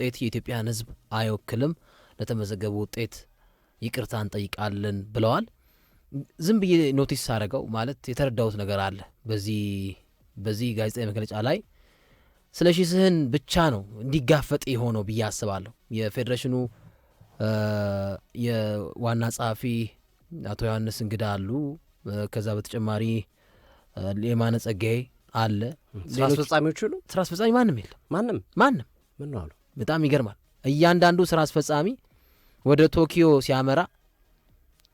ውጤት የኢትዮጵያን ሕዝብ አይወክልም፣ ለተመዘገበ ውጤት ይቅርታ እንጠይቃለን ብለዋል። ዝም ብዬ ኖቲስ ሳረገው ማለት የተረዳሁት ነገር አለ በዚህ በዚህ ጋዜጣዊ መግለጫ ላይ ስለ ሺህ ስህን ብቻ ነው እንዲጋፈጥ የሆነው ብዬ አስባለሁ። የፌዴሬሽኑ የዋና ጸሐፊ አቶ ዮሐንስ እንግዳ አሉ። ከዛ በተጨማሪ የማነ ጸጋዬ አለ። ስራ ሁሉ ስራ አስፈጻሚ ማንም የለም። ማንም ማንም ምን አሉ በጣም ይገርማል። እያንዳንዱ ስራ አስፈጻሚ ወደ ቶኪዮ ሲያመራ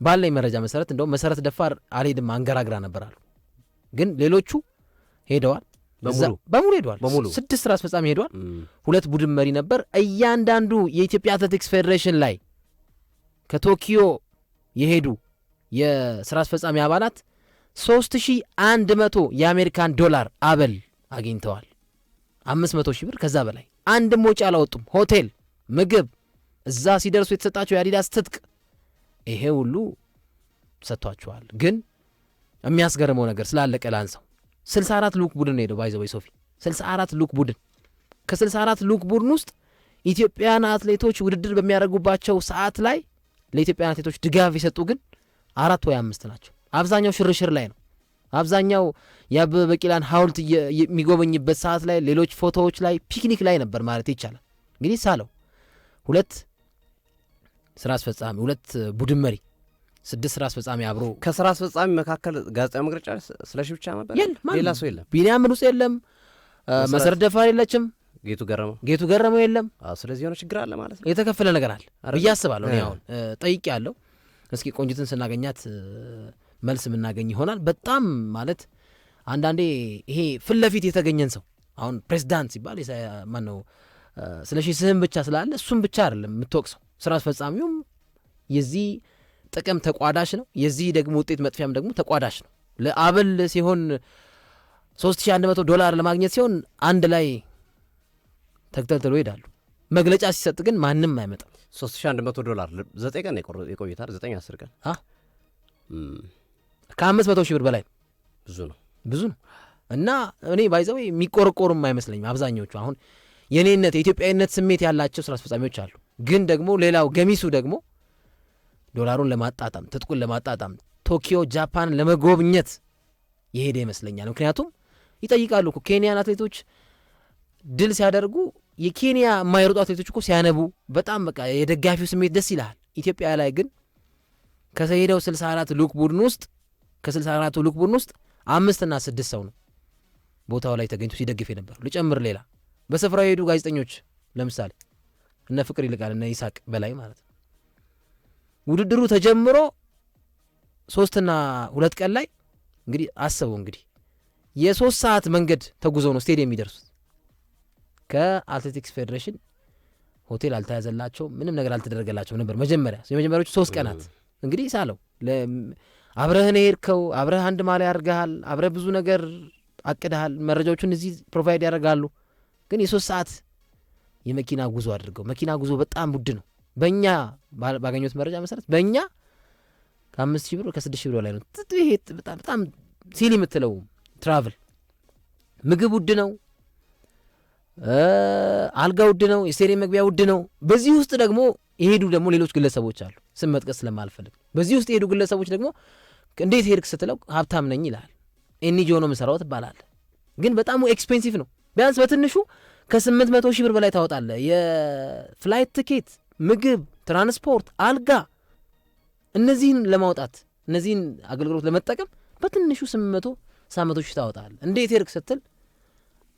ባለኝ መረጃ መሰረት እንደውም መሰረት ደፋር አልሄድም አንገራግራ ነበር አሉ። ግን ሌሎቹ ሄደዋል፣ በሙሉ ሄደዋል። ስድስት ስራ አስፈጻሚ ሄደዋል። ሁለት ቡድን መሪ ነበር። እያንዳንዱ የኢትዮጵያ አትሌቲክስ ፌዴሬሽን ላይ ከቶኪዮ የሄዱ የስራ አስፈጻሚ አባላት ሶስት ሺህ አንድ መቶ የአሜሪካን ዶላር አበል አግኝተዋል። አምስት መቶ ሺህ ብር ከዛ በላይ አንድም ወጪ አላወጡም። ሆቴል፣ ምግብ፣ እዛ ሲደርሱ የተሰጣቸው የአዲዳስ ትጥቅ ይሄ ሁሉ ሰጥቷቸዋል። ግን የሚያስገርመው ነገር ስላለቀ ላንሳው። 64 ልዑክ ቡድን ሄደው ባይዘወይ ሶፊ 64 ልዑክ ቡድን ከ64 ልዑክ ቡድን ውስጥ ኢትዮጵያን አትሌቶች ውድድር በሚያደርጉባቸው ሰዓት ላይ ለኢትዮጵያን አትሌቶች ድጋፍ የሰጡ ግን አራት ወይ አምስት ናቸው። አብዛኛው ሽርሽር ላይ ነው። አብዛኛው የአበበ ቢቂላን ሐውልት የሚጎበኝበት ሰዓት ላይ፣ ሌሎች ፎቶዎች ላይ፣ ፒክኒክ ላይ ነበር ማለት ይቻላል። እንግዲህ ሳለው ሁለት ስራ አስፈጻሚ፣ ሁለት ቡድን መሪ፣ ስድስት ስራ አስፈጻሚ አብሮ ከስራ አስፈጻሚ መካከል ጋዜጣዊ መግለጫ ስለሺ ብቻ ነበር። ሌላ ሰው የለም። ቢንያም ንጹ የለም። መሰረት ደፋር የለችም። ጌቱ ገረመው ጌቱ ገረመው የለም። ስለዚህ የሆነ ችግር አለ ማለት ነው። የተከፈለ ነገር አለ ብዬ አስባለሁ። አሁን ጠይቄ ያለው እስኪ ቆንጅትን ስናገኛት መልስ የምናገኝ ይሆናል። በጣም ማለት አንዳንዴ ይሄ ፊት ለፊት የተገኘን ሰው አሁን ፕሬዚዳንት ሲባል ማነው ስለሺ ስህም ብቻ ስላለ እሱም ብቻ አይደለም የምትወቅሰው፣ ስራ አስፈጻሚውም የዚህ ጥቅም ተቋዳሽ ነው። የዚህ ደግሞ ውጤት መጥፊያም ደግሞ ተቋዳሽ ነው። ለአበል ሲሆን 3100 ዶላር ለማግኘት ሲሆን አንድ ላይ ተግተልትሎ ይሄዳሉ። መግለጫ ሲሰጥ ግን ማንም አይመጣም። 3100 ዶላር ዘጠኝ ቀን የቆይታል። ዘጠኝ አስር ቀን ከአምስት መቶ ሺህ ብር በላይ ብዙ ነው ብዙ ነው እና እኔ ባይዘው የሚቆረቆሩም አይመስለኝም። አብዛኞቹ አሁን የኔነት የኢትዮጵያዊነት ስሜት ያላቸው ስራ አስፈጻሚዎች አሉ። ግን ደግሞ ሌላው ገሚሱ ደግሞ ዶላሩን ለማጣጣም ትጥቁን ለማጣጣም ቶኪዮ ጃፓን ለመጎብኘት የሄደ ይመስለኛል። ምክንያቱም ይጠይቃሉ እኮ ኬንያን አትሌቶች ድል ሲያደርጉ የኬንያ የማይሮጡ አትሌቶች እኮ ሲያነቡ በጣም በቃ የደጋፊው ስሜት ደስ ይልሃል። ኢትዮጵያ ላይ ግን ከሰሄደው አራት ልዑክ ቡድን ውስጥ ከ64ቱ ልዑክ ቡድን ውስጥ አምስትና ስድስት ሰው ነው ቦታው ላይ ተገኝቶ ሲደግፍ የነበረ። ልጨምር ሌላ በስፍራው የሄዱ ጋዜጠኞች ለምሳሌ እነ ፍቅር ይልቃል እነ ይሳቅ በላይ ማለት ነው። ውድድሩ ተጀምሮ ሶስትና ሁለት ቀን ላይ እንግዲህ አስበው እንግዲህ የሶስት ሰዓት መንገድ ተጉዘው ነው ስቴዲየም የሚደርሱት። ከአትሌቲክስ ፌዴሬሽን ሆቴል አልተያዘላቸው ምንም ነገር አልተደረገላቸው ነበር መጀመሪያ የመጀመሪያዎቹ ሶስት ቀናት እንግዲህ ሳለው አብረህን የሄድከው አብረህ አንድ ማላ ያርገሃል አብረህ ብዙ ነገር አቅደሃል። መረጃዎቹን እዚህ ፕሮቫይድ ያደርጋሉ። ግን የሶስት ሰዓት የመኪና ጉዞ አድርገው መኪና ጉዞ በጣም ውድ ነው። በእኛ ባገኘት መረጃ መሰረት በእኛ ከአምስት ሺህ ብር ከስድስት ሺህ ብር ላይ ነው። ይሄ በጣም ሲል የምትለው ትራቭል ምግብ ውድ ነው። አልጋ ውድ ነው። የስቴዲየም መግቢያ ውድ ነው። በዚህ ውስጥ ደግሞ የሄዱ ደግሞ ሌሎች ግለሰቦች አሉ። ስም መጥቀስ ስለማልፈልግ በዚህ ውስጥ የሄዱ ግለሰቦች ደግሞ እንዴት ሄድክ ስትለው ሀብታም ነኝ ይልሃል። ኤንጂ ነው ምሰራው ትባላለህ። ግን በጣም ኤክስፔንሲቭ ነው። ቢያንስ በትንሹ ከ800 ሺህ ብር በላይ ታወጣለ። የፍላይት ትኬት፣ ምግብ፣ ትራንስፖርት፣ አልጋ እነዚህን ለማውጣት እነዚህን አገልግሎት ለመጠቀም በትንሹ 800 ሳመቶ ሺህ ታወጣለህ። እንዴት ሄድክ ስትል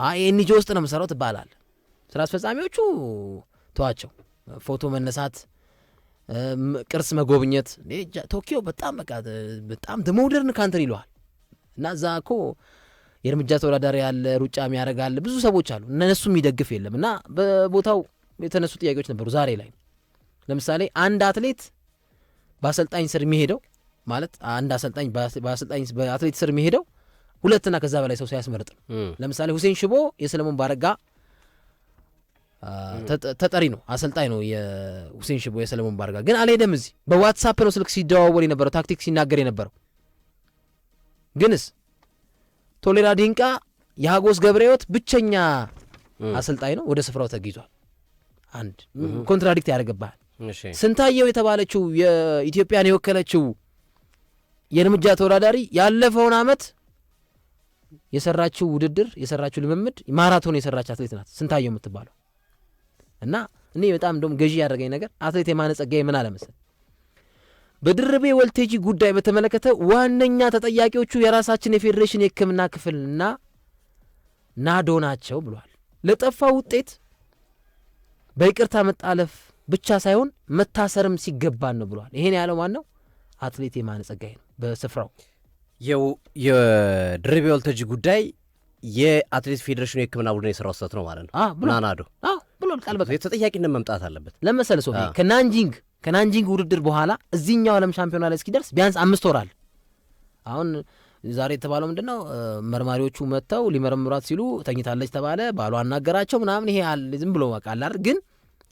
አይ ኤንጂ ውስጥ ነው ምሰራው ትባላለህ። ስራ አስፈጻሚዎቹ ተዋቸው ፎቶ መነሳት ቅርስ መጎብኘት ቶኪዮ በጣም በቃ በጣም ካንትሪ ይለዋል እና እዛ እኮ የእርምጃ ተወዳዳሪ ያለ ሩጫ የሚያደርግ አለ ብዙ ሰዎች አሉ። እነሱ የሚደግፍ የለም እና በቦታው የተነሱ ጥያቄዎች ነበሩ። ዛሬ ላይ ለምሳሌ አንድ አትሌት በአሰልጣኝ ስር የሚሄደው ማለት አንድ አሰልጣኝ በአሰልጣኝ በአትሌት ስር የሚሄደው ሁለትና ከዛ በላይ ሰው ሳያስመርጥ ነው። ለምሳሌ ሁሴን ሽቦ የሰለሞን ባረጋ ተጠሪ ነው፣ አሰልጣኝ ነው የሁሴን ሽቦ የሰለሞን ባርጋ ግን አልሄደም። እዚህ በዋትሳፕ ነው ስልክ ሲደዋወል የነበረው ታክቲክ ሲናገር የነበረው ግንስ ቶሌራ ዲንቃ የሀጎስ ገብረሕይወት ብቸኛ አሰልጣኝ ነው። ወደ ስፍራው ተጊዟል። አንድ ኮንትራዲክት ያደርግብሃል። ስንታየው የተባለችው የኢትዮጵያን የወከለችው የእርምጃ ተወዳዳሪ ያለፈውን አመት የሰራችው ውድድር የሰራችው ልምምድ ማራቶን የሰራች አትሌት ናት። ስንታየው የምትባለው እና እኔ በጣም እንደውም ገዢ ያደረገኝ ነገር አትሌት የማነ ጸጋዬ ምን አለ በድርቤ ወልቴጂ ጉዳይ በተመለከተ ዋነኛ ተጠያቂዎቹ የራሳችን የፌዴሬሽን የሕክምና ክፍልና ናዶ ናቸው ብሏል። ለጠፋ ውጤት በይቅርታ መጣለፍ ብቻ ሳይሆን መታሰርም ሲገባን ነው ብሏል። ይሄን ያለው ማን ነው? አትሌት የማነ ጸጋዬ ነው። በስፍራው የድርቤ ወልቴጂ ጉዳይ የአትሌት ፌዴሬሽኑ የሕክምና ቡድን የሰራው ስህተት ነው ማለት ነው ናናዶ ብሎም ቃል በቃ ተጠያቂነት መምጣት አለበት። ለመሰለ ሶፊ ከናንጂንግ ከናንጂንግ ውድድር በኋላ እዚህኛው ዓለም ሻምፒዮና ላይ እስኪደርስ ቢያንስ አምስት ወራል አሁን ዛሬ የተባለው ምንድን ነው? መርማሪዎቹ መጥተው ሊመረምሯት ሲሉ ተኝታለች ተባለ። ባሏ አናገራቸው ምናምን። ይሄ ዝም ብሎ ቃል አይደል? ግን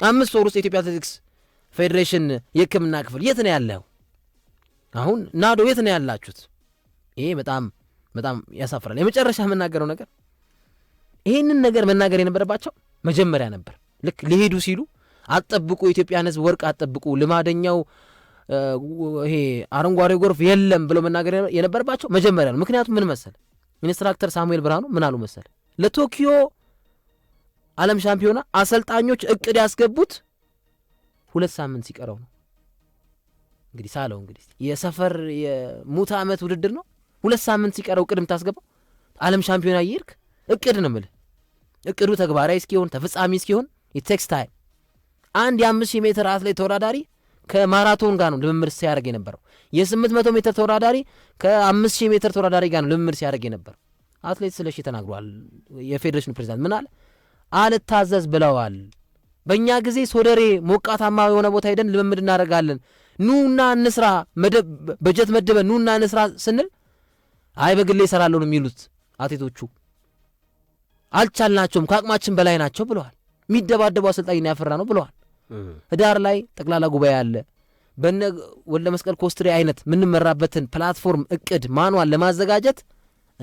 አምስት ወር ውስጥ የኢትዮጵያ አትሌቲክስ ፌዴሬሽን የሕክምና ክፍል የት ነው ያለው? አሁን ናዶ የት ነው ያላችሁት? ይሄ በጣም በጣም ያሳፍራል። የመጨረሻ የምናገረው ነገር ይህንን ነገር መናገር የነበረባቸው መጀመሪያ ነበር። ልክ ሊሄዱ ሲሉ አጠብቁ፣ የኢትዮጵያን ህዝብ ወርቅ አጠብቁ፣ ልማደኛው ይሄ አረንጓዴ ጎርፍ የለም ብለው መናገር የነበረባቸው መጀመሪያ ነው። ምክንያቱም ምን መሰል ኢንስትራክተር ሳሙኤል ብርሃኑ ምን አሉ መሰል ለቶኪዮ ዓለም ሻምፒዮና አሰልጣኞች እቅድ ያስገቡት ሁለት ሳምንት ሲቀረው ነው። እንግዲህ ሳለው እንግዲህ የሰፈር የሙት ዓመት ውድድር ነው። ሁለት ሳምንት ሲቀረው እቅድ የምታስገባው ዓለም ሻምፒዮና እየሄድክ እቅድ ነው የምልህ እቅዱ ተግባራዊ እስኪሆን ተፈጻሚ እስኪሆን የቴክስ ታይም። አንድ የአምስት ሺህ ሜትር አትሌት ተወዳዳሪ ከማራቶን ጋር ነው ልምምድ ሲያደርግ የነበረው። የስምንት መቶ ሜትር ተወዳዳሪ ከአምስት ሺህ ሜትር ተወዳዳሪ ጋር ነው ልምምድ ሲያደርግ የነበረው። አትሌት ስለሺ ተናግሯል። የፌዴሬሽኑ ፕሬዚዳንት ምን አለ? አልታዘዝ ብለዋል። በእኛ ጊዜ ሶደሬ ሞቃታማ የሆነ ቦታ ሄደን ልምምድ እናደርጋለን። ኑና እንስራ፣ በጀት መድበን ኑና እንስራ ስንል አይ በግሌ ይሰራለሁ ነው የሚሉት አትሌቶቹ። አልቻልናቸውም፣ ከአቅማችን በላይ ናቸው ብለዋል። የሚደባደቡ አሰልጣኝ ያፈራ ነው ብለዋል። ህዳር ላይ ጠቅላላ ጉባኤ አለ። በነ ወልደ መስቀል ኮስትሪ አይነት የምንመራበትን ፕላትፎርም እቅድ ማኗል ለማዘጋጀት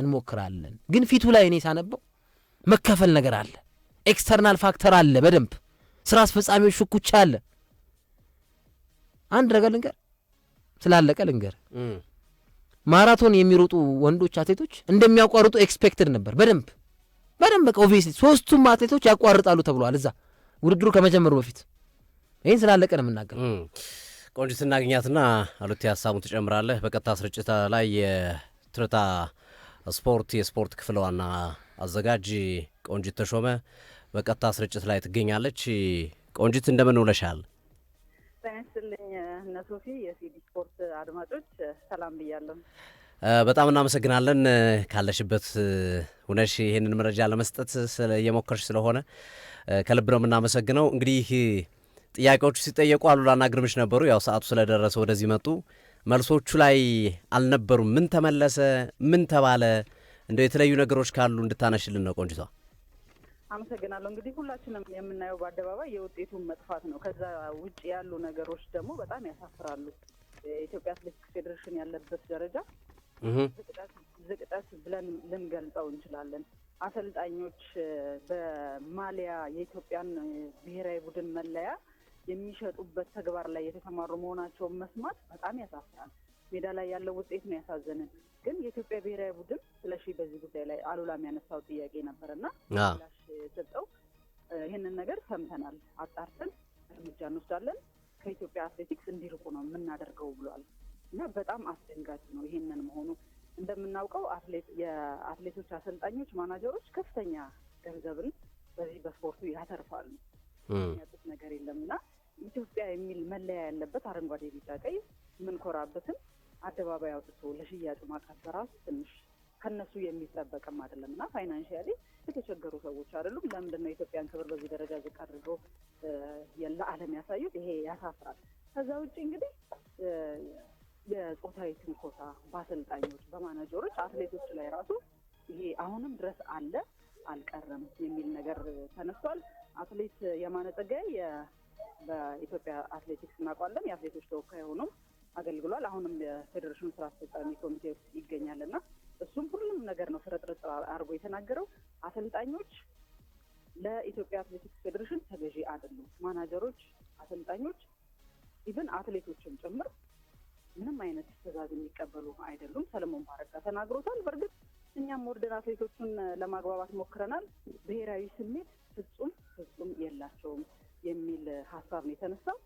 እንሞክራለን። ግን ፊቱ ላይ እኔ ሳነበው መከፈል ነገር አለ፣ ኤክስተርናል ፋክተር አለ፣ በደንብ ስራ አስፈጻሚዎች ሽኩቻ አለ። አንድ ነገር ልንገር፣ ስላለቀ ልንገር፣ ማራቶን የሚሮጡ ወንዶች አትሌቶች እንደሚያቋርጡ ኤክስፔክትድ ነበር በደንብ በደንብ በቃ ኦቪየስሊ ሶስቱም አትሌቶች ያቋርጣሉ ተብሏል። እዛ ውድድሩ ከመጀመሩ በፊት ይህን ስላለቀ ነው የምናገር። ቆንጆ ስናገኛትና አሉት ሀሳቡን ትጨምራለህ። በቀጥታ ስርጭት ላይ የትርታ ስፖርት የስፖርት ክፍል ዋና አዘጋጅ ቆንጂት ተሾመ በቀጥታ ስርጭት ላይ ትገኛለች። ቆንጂት እንደምን ውለሻል? ጤና ይስጥልኝ እነ ሶፊ የሲዲ ስፖርት አድማጮች ሰላም ብያለሁ። በጣም እናመሰግናለን ካለሽበት ሁነሽ ይህንን መረጃ ለመስጠት እየሞከርሽ ስለሆነ ከልብ ነው የምናመሰግነው። እንግዲህ ጥያቄዎቹ ሲጠየቁ አሉላና ግርምሽ ነበሩ። ያው ሰዓቱ ስለደረሰ ወደዚህ መጡ። መልሶቹ ላይ አልነበሩም። ምን ተመለሰ? ምን ተባለ? እንደው የተለያዩ ነገሮች ካሉ እንድታነሽልን ነው ቆንጅቷ። አመሰግናለሁ። እንግዲህ ሁላችንም የምናየው በአደባባይ የውጤቱን መጥፋት ነው። ከዛ ውጭ ያሉ ነገሮች ደግሞ በጣም ያሳፍራሉ። የኢትዮጵያ አትሌቲክስ ፌዴሬሽን ያለበት ደረጃ ዝቅጠት ብለን ልንገልጸው እንችላለን። አሰልጣኞች በማሊያ የኢትዮጵያን ብሔራዊ ቡድን መለያ የሚሸጡበት ተግባር ላይ የተሰማሩ መሆናቸውን መስማት በጣም ያሳፍራል። ሜዳ ላይ ያለው ውጤት ነው ያሳዘንን። ግን የኢትዮጵያ ብሔራዊ ቡድን ስለሺ በዚህ ጉዳይ ላይ አሉላ የሚያነሳው ጥያቄ ነበረና ላሽ ሰጠው። ይህንን ነገር ሰምተናል፣ አጣርተን እርምጃ እንወስዳለን፣ ከኢትዮጵያ አትሌቲክስ እንዲርቁ ነው የምናደርገው ብሏል። እና በጣም አስደንጋጭ ነው። ይሄንን መሆኑ እንደምናውቀው የአትሌቶች አሰልጣኞች፣ ማናጀሮች ከፍተኛ ገንዘብን በዚህ በስፖርቱ ያተርፋሉ። የሚያጡት ነገር የለም እና ኢትዮጵያ የሚል መለያ ያለበት አረንጓዴ፣ ቢጫ፣ ቀይ የምንኮራበትም አደባባይ አውጥቶ ለሽያጭ ማቅረብ በራሱ ትንሽ ከነሱ የሚጠበቅም አይደለም እና ፋይናንሽያሊ የተቸገሩ ሰዎች አይደሉም። ለምንድነው ኢትዮጵያን የኢትዮጵያን ክብር በዚህ ደረጃ አይነት ትዕዛዝ የሚቀበሉ አይደሉም። ሰለሞን ባረጋ ተናግሮታል። በእርግጥ እኛም ወርደን አትሌቶቹን ለማግባባት ሞክረናል። ብሔራዊ ስሜት ፍጹም ፍጹም የላቸውም የሚል ሀሳብ ነው የተነሳው።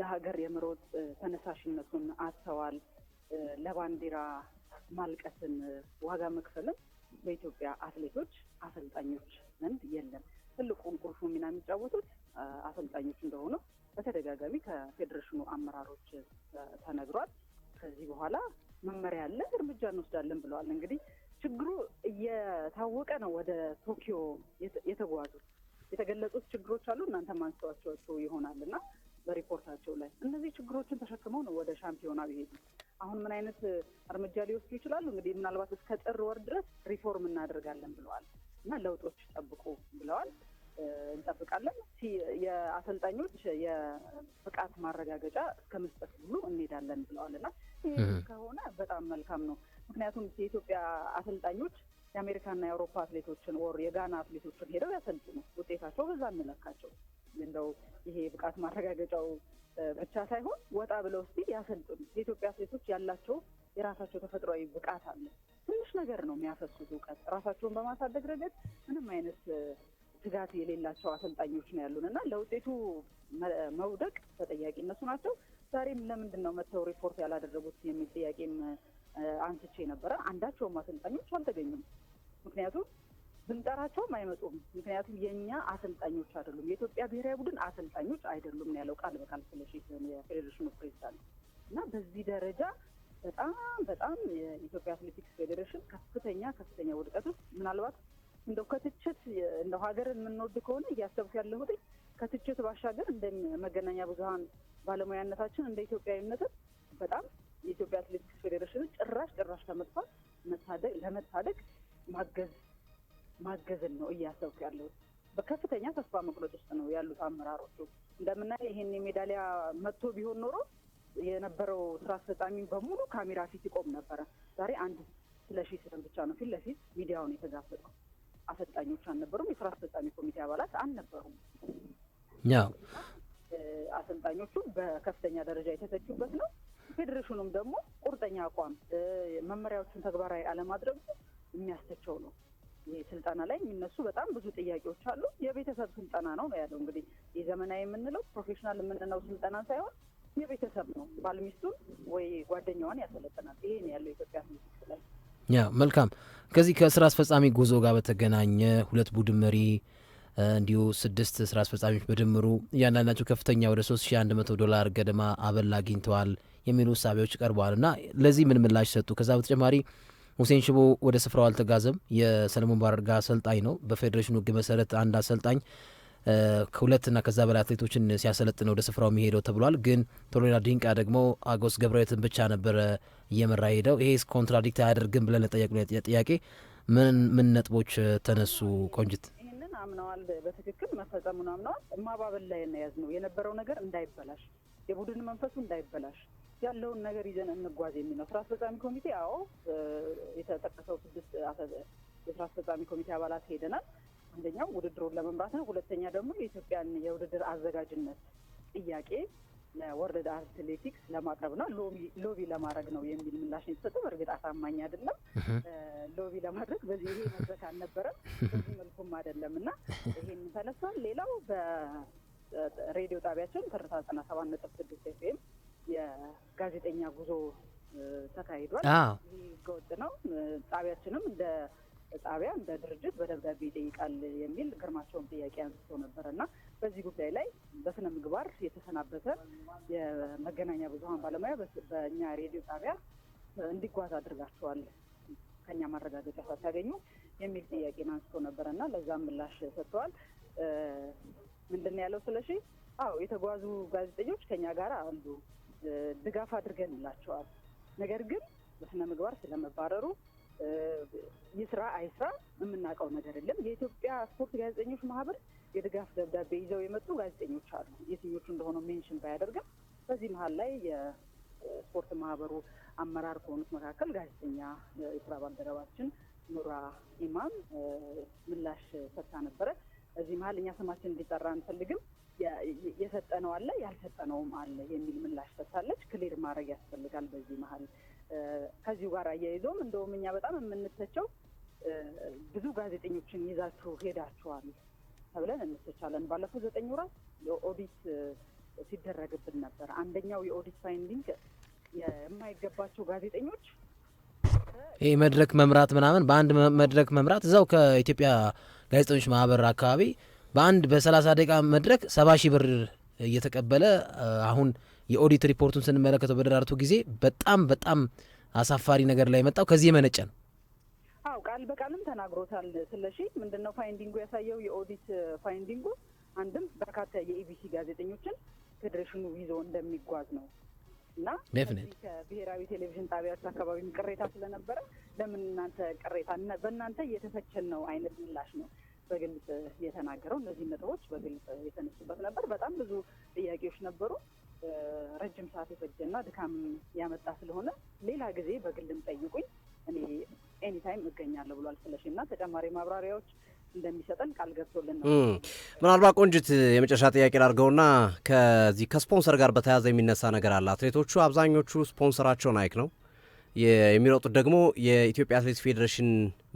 ለሀገር የመሮጥ ተነሳሽነቱን አጥተዋል። ለባንዲራ ማልቀስን ዋጋ መክፈልም በኢትዮጵያ አትሌቶች አሰልጣኞች ዘንድ የለም። ትልቁን ቁልፉ ሚና የሚጫወቱት አሰልጣኞች እንደሆኑ በተደጋጋሚ ከፌዴሬሽኑ አመራሮች ተነግሯል። ከዚህ በኋላ መመሪያ አለ፣ እርምጃ እንወስዳለን ብለዋል። እንግዲህ ችግሩ እየታወቀ ነው ወደ ቶኪዮ የተጓዙት። የተገለጹት ችግሮች አሉ፣ እናንተ ማንስተዋቸዋቸው ይሆናል እና በሪፖርታቸው ላይ እነዚህ ችግሮችን ተሸክመው ነው ወደ ሻምፒዮና ቢሄዱ። አሁን ምን አይነት እርምጃ ሊወስዱ ይችላሉ? እንግዲህ ምናልባት እስከ ጥር ወር ድረስ ሪፎርም እናደርጋለን ብለዋል እና ለውጦች ጠብቁ ብለዋል። እንጠብቃለን። የአሰልጣኞች የብቃት ማረጋገጫ እስከ መስጠት ሁሉ እንሄዳለን ብለዋል እና ይህ ከሆነ በጣም መልካም ነው። ምክንያቱም የኢትዮጵያ አሰልጣኞች የአሜሪካና የአውሮፓ አትሌቶችን ወር የጋና አትሌቶችን ሄደው ያሰልጥኑ፣ ውጤታቸው በዛ እንለካቸው። እንደው ይሄ ብቃት ማረጋገጫው ብቻ ሳይሆን ወጣ ብለው እስቲ ያሰልጥኑ። የኢትዮጵያ አትሌቶች ያላቸው የራሳቸው ተፈጥሯዊ ብቃት አለ። ትንሽ ነገር ነው የሚያፈሱት እውቀት ራሳቸውን በማሳደግ ረገድ ምንም አይነት ስጋት የሌላቸው አሰልጣኞች ነው ያሉን እና ለውጤቱ መውደቅ ተጠያቂ እነሱ ናቸው። ዛሬም ለምንድን ነው መጥተው ሪፖርት ያላደረጉት የሚል ጥያቄም አንስቼ ነበረ። አንዳቸውም አሰልጣኞች አልተገኙም። ምክንያቱም ብንጠራቸውም አይመጡም። ምክንያቱም የእኛ አሰልጣኞች አይደሉም፣ የኢትዮጵያ ብሔራዊ ቡድን አሰልጣኞች አይደሉም ነው ያለው ቃል በቃል ስለሽ የፌዴሬሽኑ ፕሬዚዳንት እና በዚህ ደረጃ በጣም በጣም የኢትዮጵያ አትሌቲክስ ፌዴሬሽን ከፍተኛ ከፍተኛ ውድቀት ውስጥ ምናልባት እንደው ከትችት እንደ ሀገርን የምንወድ ከሆነ እያሰብኩ ያለሁት ከትችት ባሻገር እንደ መገናኛ ብዙሀን ባለሙያነታችን እንደ ኢትዮጵያዊነትን በጣም የኢትዮጵያ አትሌቲክስ ፌዴሬሽን ጭራሽ ጭራሽ ከመጥፋት መታደግ ለመታደግ ማገዝ ማገዝን ነው እያሰብኩ ያለሁት። በከፍተኛ ተስፋ መቁረጥ ውስጥ ነው ያሉት አመራሮቹ። እንደምናየ ይህን የሜዳሊያ መጥቶ ቢሆን ኖሮ የነበረው ስራ አስፈጻሚ በሙሉ ካሜራ ፊት ይቆም ነበረ። ዛሬ አንድ ስለሺ ስም ብቻ ነው ፊት ለፊት ሚዲያውን የተጋፈጠው። አሰልጣኞች አልነበሩም። የስራ አስፈጻሚ ኮሚቴ አባላት አልነበሩም። ያው አሰልጣኞቹ በከፍተኛ ደረጃ የተተቹበት ነው። ፌዴሬሽኑም ደግሞ ቁርጠኛ አቋም መመሪያዎቹን ተግባራዊ አለማድረጉ የሚያስተቸው ነው። ይህ ስልጠና ላይ የሚነሱ በጣም ብዙ ጥያቄዎች አሉ። የቤተሰብ ስልጠና ነው ነው ያለው። እንግዲህ የዘመናዊ የምንለው ፕሮፌሽናል የምንለው ስልጠና ሳይሆን የቤተሰብ ነው። ባልሚስቱን ወይ ጓደኛዋን ያሰለጠናል። ይሄ ነው ያለው ኢትዮጵያ ላይ ያ መልካም። ከዚህ ከስራ አስፈጻሚ ጉዞ ጋር በተገናኘ ሁለት ቡድን መሪ እንዲሁ ስድስት ስራ አስፈጻሚዎች በድምሩ እያንዳንዳቸው ከፍተኛ ወደ 3100 ዶላር ገደማ አበል አግኝተዋል የሚሉ ውሳቤዎች ቀርበዋል እና ለዚህ ምን ምላሽ ሰጡ? ከዛ በተጨማሪ ሁሴን ሽቦ ወደ ስፍራው አልተጋዘም። የሰለሞን ባረጋ አሰልጣኝ ነው። በፌዴሬሽኑ ሕግ መሰረት አንድ አሰልጣኝ ከሁለትና ከዛ በላይ አትሌቶችን ሲያሰለጥነ ወደ ስፍራው የሚሄደው ተብሏል። ግን ቶሎና ዲንቃ ደግሞ አጎስ ገብረቤትን ብቻ ነበረ እየመራ ሄደው ይሄ ኮንትራዲክት አያደርግም ብለን ለጠየቅ ነው ጥያቄ ምን ምን ነጥቦች ተነሱ? ቆንጅት ይህንን አምነዋል፣ በትክክል መፈጸሙን አምነዋል። እማባበል ላይ ነው የነበረው ነገር እንዳይበላሽ፣ የቡድን መንፈሱ እንዳይበላሽ ያለውን ነገር ይዘን እንጓዝ የሚል ነው። ስራ አስፈጻሚ ኮሚቴ አዎ፣ የተጠቀሰው ስድስት የስራ አስፈጻሚ ኮሚቴ አባላት ሄደናል። አንደኛው ውድድሩን ለመምራት ነው። ሁለተኛ ደግሞ የኢትዮጵያን የውድድር አዘጋጅነት ጥያቄ ለወርልድ አትሌቲክስ ለማቅረብ እና ሎቢ ለማድረግ ነው የሚል ምላሽ ነው የተሰጠው። በእርግጥ አሳማኝ አይደለም። ሎቢ ለማድረግ በዚህ ይሄ መድረክ አልነበረም፣ በዚህ መልኩም አይደለም እና ይሄን ተነስቷል። ሌላው በሬዲዮ ጣቢያቸውን ትርታ ዘጠና ሰባት ነጥብ ስድስት ኤፍኤም የጋዜጠኛ ጉዞ ተካሂዷል። ይህ ህገወጥ ነው። ጣቢያችንም እንደ ጣቢያ እንደ ድርጅት በደብዳቤ ይጠይቃል የሚል ግርማቸውን ጥያቄ አንስቶ ነበር እና በዚህ ጉዳይ ላይ በስነ ምግባር የተሰናበተ የመገናኛ ብዙሀን ባለሙያ በእኛ ሬዲዮ ጣቢያ እንዲጓዝ አድርጋቸዋል ከኛ ማረጋገጫ ሳታገኙ የሚል ጥያቄን አንስቶ ነበር እና ለዛም ምላሽ ሰጥተዋል። ምንድን ያለው ስለሺ? አው የተጓዙ ጋዜጠኞች ከኛ ጋር አሉ፣ ድጋፍ አድርገንላቸዋል። ነገር ግን በስነ ምግባር ስለመባረሩ ይስራ አይስራ የምናውቀው ነገር የለም። የኢትዮጵያ ስፖርት ጋዜጠኞች ማህበር የድጋፍ ደብዳቤ ይዘው የመጡ ጋዜጠኞች አሉ። የትኞቹ እንደሆነ ሜንሽን ባያደርግም በዚህ መሀል ላይ የስፖርት ማህበሩ አመራር ከሆኑት መካከል ጋዜጠኛ የስራ ባልደረባችን ኑራ ኢማም ምላሽ ሰጥታ ነበረ። እዚህ መሀል እኛ ስማችን እንዲጠራ አንፈልግም፣ የሰጠነው አለ ያልሰጠነውም አለ የሚል ምላሽ ሰጥታለች። ክሌር ማድረግ ያስፈልጋል በዚህ መሀል ከዚሁ ጋር አያይዞም እንደውም እኛ በጣም የምንተቸው ብዙ ጋዜጠኞችን ይዛችሁ ሄዳችኋል ተብለን እንተቻለን። ባለፈው ዘጠኝ ወራት የኦዲት ሲደረግብን ነበር። አንደኛው የኦዲት ፋይንዲንግ የማይገባቸው ጋዜጠኞች ይህ መድረክ መምራት ምናምን በአንድ መድረክ መምራት እዛው ከኢትዮጵያ ጋዜጠኞች ማህበር አካባቢ በአንድ በሰላሳ ደቂቃ መድረክ ሰባ ሺህ ብር እየተቀበለ አሁን የኦዲት ሪፖርቱን ስንመለከተው በደራርቱ ጊዜ በጣም በጣም አሳፋሪ ነገር ላይ መጣው ከዚህ የመነጨ ነው። አው ቃል በቃልም ተናግሮታል። ስለሺ ምንድነው ፋይንዲንጉ ያሳየው? የኦዲት ፋይንዲንጉ አንድም በርካታ የኢቢሲ ጋዜጠኞችን ፌዴሬሽኑ ይዞ እንደሚጓዝ ነው እና ከብሔራዊ ቴሌቪዥን ጣቢያዎች አካባቢም ቅሬታ ስለነበረ ለምን እናንተ ቅሬታ በእናንተ እየተፈቸን ነው አይነት ምላሽ ነው በግልጽ የተናገረው። እነዚህ ነጥቦች በግልጽ የተነሱበት ነበር። በጣም ብዙ ጥያቄዎች ነበሩ። ረጅም ሰዓት የፈጀና ድካም ያመጣ ስለሆነ ሌላ ጊዜ በግልም ጠይቁኝ እኔ ኤኒታይም እገኛለሁ ብሏል ስለሽ እና ተጨማሪ ማብራሪያዎች እንደሚሰጠን ቃል ገብቶልን ነው። ምናልባት ቆንጅት የመጨረሻ ጥያቄ ላድርገውና ከዚህ ከስፖንሰር ጋር በተያያዘ የሚነሳ ነገር አለ። አትሌቶቹ አብዛኞቹ ስፖንሰራቸው ናይክ ነው የሚሮጡት ደግሞ የኢትዮጵያ አትሌት ፌዴሬሽን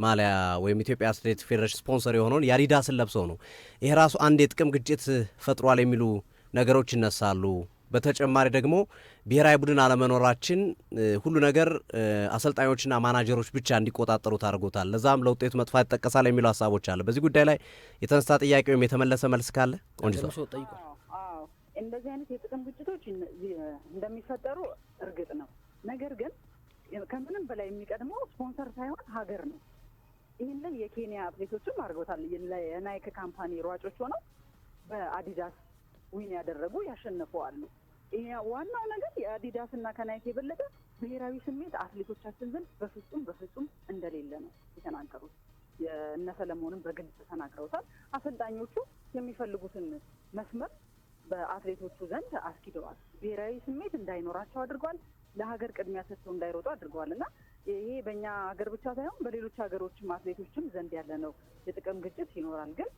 ማሊያ ወይም ኢትዮጵያ አትሌት ፌዴሬሽን ስፖንሰር የሆነውን የአዲዳስን ለብሰው ነው። ይሄ ራሱ አንድ የጥቅም ግጭት ፈጥሯል የሚሉ ነገሮች ይነሳሉ። በተጨማሪ ደግሞ ብሔራዊ ቡድን አለመኖራችን ሁሉ ነገር አሰልጣኞችና ማናጀሮች ብቻ እንዲቆጣጠሩ ታደርጎታል። ለዛም ለውጤቱ መጥፋት ይጠቀሳል የሚሉ ሀሳቦች አለ። በዚህ ጉዳይ ላይ የተነሳ ጥያቄ ወይም የተመለሰ መልስ ካለ ቆንጆ እንደዚህ አይነት የጥቅም ግጭቶች እንደሚፈጠሩ እርግጥ ነው። ነገር ግን ከምንም በላይ የሚቀድመው ስፖንሰር ሳይሆን ሀገር ነው። ይህንን የኬንያ አትሌቶችም አድርገውታል። የናይክ ካምፓኒ ሯጮች ሆነው በአዲዳስ ዊን ያደረጉ አሉ። ዋናው ነገር የአዲዳስ እና ከናይክ የበለጠ ብሔራዊ ስሜት አትሌቶቻችን ዘንድ በፍጹም በፍጹም እንደሌለ ነው የተናገሩት። እነ ሰለሞንም በግልጽ ተናግረውታል። አሰልጣኞቹ የሚፈልጉትን መስመር በአትሌቶቹ ዘንድ አስኪደዋል። ብሔራዊ ስሜት እንዳይኖራቸው አድርገዋል። ለሀገር ቅድሚያ ሰጥተው እንዳይሮጡ አድርገዋል እና ይሄ በእኛ ሀገር ብቻ ሳይሆን በሌሎች ሀገሮችም አትሌቶችም ዘንድ ያለ ነው። የጥቅም ግጭት ይኖራል ግን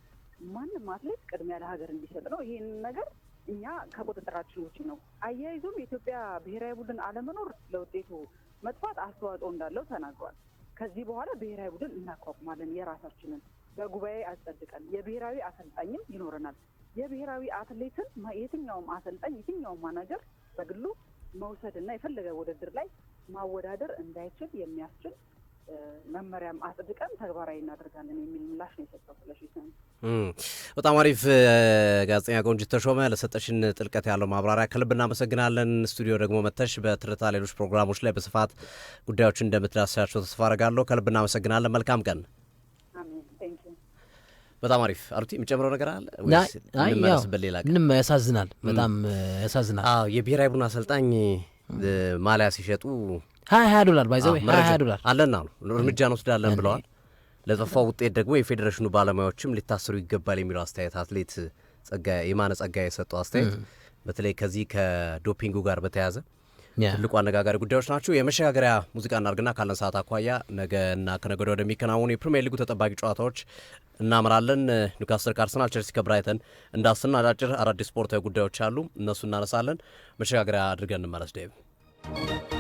ማንም አትሌት ቅድሚያ ለሀገር እንዲሰጥ ነው። ይህን ነገር እኛ ከቁጥጥራችን ውጭ ነው። አያይዞም የኢትዮጵያ ብሔራዊ ቡድን አለመኖር ለውጤቱ መጥፋት አስተዋጽኦ እንዳለው ተናግሯል። ከዚህ በኋላ ብሔራዊ ቡድን እናቋቁማለን፣ የራሳችንን በጉባኤ አጸድቀን የብሔራዊ አሰልጣኝም ይኖረናል። የብሔራዊ አትሌትን የትኛውም አሰልጣኝ የትኛውም ማናጀር በግሉ መውሰድና የፈለገ ውድድር ላይ ማወዳደር እንዳይችል የሚያስችል መመሪያም አጽድቀን ተግባራዊ እናደርጋለን የሚል ምላሽ ነው የሰጠው። ስለሽሰን በጣም አሪፍ ጋዜጠኛ ቆንጂት ተሾመ ለሰጠሽን ጥልቀት ያለው ማብራሪያ ከልብ እናመሰግናለን። ስቱዲዮ ደግሞ መተሽ በትርታ ሌሎች ፕሮግራሞች ላይ በስፋት ጉዳዮችን እንደምትዳስሻቸው ተስፋ አረጋለሁ። ከልብ እናመሰግናለን። መልካም ቀን። በጣም አሪፍ አሉቲ፣ የሚጨምረው ነገር አለ ወይስበል? ሌላ ምንም ያሳዝናል። በጣም ያሳዝናል። የብሔራዊ ቡና አሰልጣኝ ማሊያ ሲሸጡ ሀያ ሀያ ዶላር ባይዘ ሀያ ሀያ ዶላር አለና ነው እርምጃ እንወስዳለን ብለዋል። ለጠፋው ውጤት ደግሞ የፌዴሬሽኑ ባለሙያዎችም ሊታሰሩ ይገባል የሚለው አስተያየት አትሌት የማነ ጸጋ የሰጠው አስተያየት በተለይ ከዚህ ከዶፒንጉ ጋር በተያያዘ ትልቁ አነጋጋሪ ጉዳዮች ናቸው። የመሸጋገሪያ ሙዚቃ እናርግና ካለን ሰዓት አኳያ ነገና ከነገ ወዲያ ወደሚከናወኑ የፕሪሚየር ሊጉ ተጠባቂ ጨዋታዎች እናምራለን። ኒውካስትል ከአርሰናል፣ ቸልሲ ከብራይተን እንዳስና አጫጭር አዳዲስ ስፖርታዊ ጉዳዮች አሉ። እነሱ እናነሳለን። መሸጋገሪያ አድርገን እንመለስ ዴብ